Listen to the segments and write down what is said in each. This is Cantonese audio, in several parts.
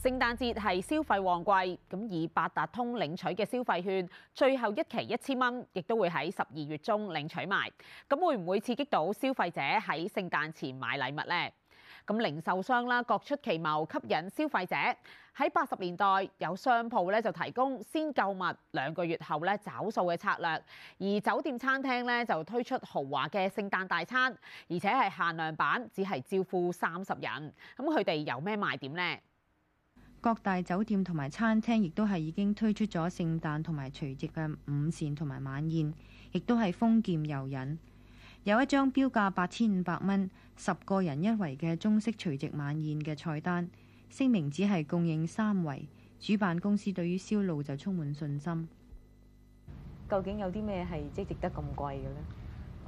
聖誕節係消費旺季，咁以八達通領取嘅消費券，最後一期一千蚊，亦都會喺十二月中領取埋。咁會唔會刺激到消費者喺聖誕前買禮物呢？咁零售商啦，各出奇謀吸引消費者。喺八十年代，有商鋪咧就提供先購物兩個月後咧找數嘅策略，而酒店餐廳咧就推出豪華嘅聖誕大餐，而且係限量版，只係招呼三十人。咁佢哋有咩賣點呢？各大酒店同埋餐廳亦都係已經推出咗聖誕同埋除夕嘅午膳同埋晚宴，亦都係豐儉由人。有一張標價八千五百蚊、十個人一圍嘅中式除夕晚宴嘅菜單，聲明只係供應三圍。主辦公司對於銷路就充滿信心。究竟有啲咩係即值得咁貴嘅呢？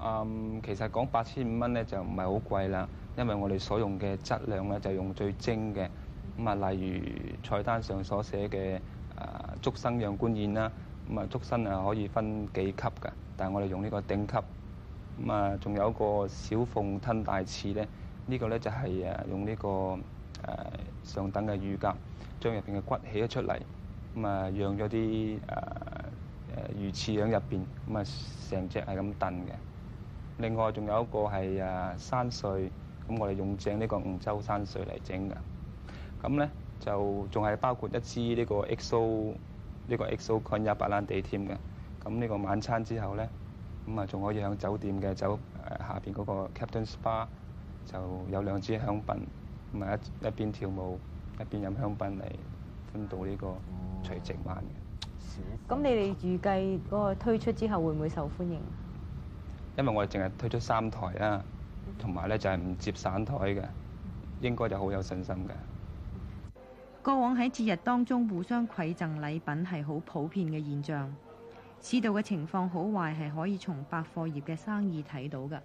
嗯，其實講八千五蚊呢就唔係好貴啦，因為我哋所用嘅質量咧就用最精嘅。咁啊，例如菜單上所寫嘅啊竹笙養官燕」啦，啊，咁啊竹笙啊可以分幾級嘅，但係我哋用呢個頂級。咁啊，仲有一個小鳳吞大翅咧，這個、呢、就是這個咧就係誒用呢個誒上等嘅乳鴿，將入邊嘅骨起咗出嚟，咁啊養咗啲誒誒魚翅喺入邊，咁啊成隻係咁燉嘅。另外仲有一個係啊山瑞，咁、啊、我哋用正呢個梧州山瑞嚟整嘅。咁咧就仲係包括一支呢個 XO 呢個 XO 干邑白蘭地添嘅。咁呢個晚餐之後咧，咁啊仲可以喺酒店嘅酒下邊嗰個 Captain's Bar 就有兩支香檳，咁啊一一邊跳舞一邊飲香檳嚟歡度呢個除夕晚嘅。咁你哋預計嗰個推出之後會唔會受歡迎？因為我哋淨係推出三台啦，同埋咧就係唔接散台嘅，應該就好有信心嘅。過往喺節日當中互相饋贈禮品係好普遍嘅現象，市道嘅情況好壞係可以從百貨業嘅生意睇到㗎。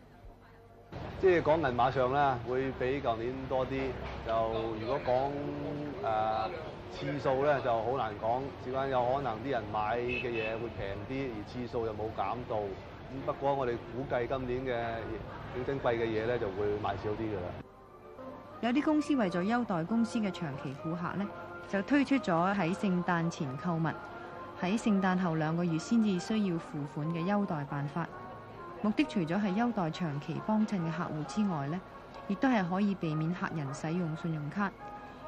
即係講銀碼上咧，會比舊年多啲。就如果講誒、呃、次數咧，就好難講。只關有可能啲人買嘅嘢會平啲，而次數又冇減到。咁不過我哋估計今年嘅正矜貴嘅嘢咧，就會賣少啲㗎啦。有啲公司為咗優待公司嘅長期顧客呢，就推出咗喺聖誕前購物，喺聖誕後兩個月先至需要付款嘅優待辦法。目的除咗係優待長期幫襯嘅客戶之外呢，亦都係可以避免客人使用信用卡。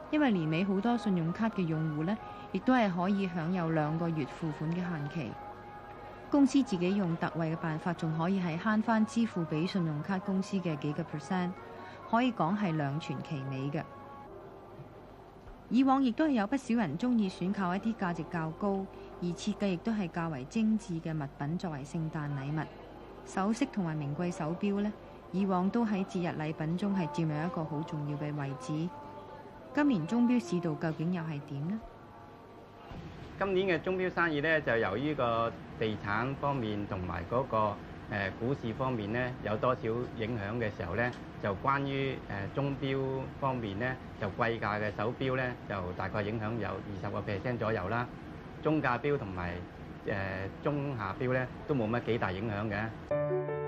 因為年尾好多信用卡嘅用戶呢，亦都係可以享有兩個月付款嘅限期。公司自己用特惠嘅辦法，仲可以係慳翻支付俾信用卡公司嘅幾個 percent。可以講係兩全其美嘅。以往亦都有不少人中意選購一啲價值較高而設計亦都係較為精緻嘅物品作為聖誕禮物。首飾同埋名貴手錶呢，以往都喺節日禮品中係佔有一個好重要嘅位置。今年鐘錶市道究竟又係點呢？今年嘅鐘錶生意呢，就由於個地產方面同埋嗰個。誒股市方面咧有多少影響嘅時候咧，就關於誒鐘錶方面咧，就貴價嘅手表咧，就大概影響有二十個 percent 左右啦。中價錶同埋誒中下錶咧，都冇乜幾大影響嘅。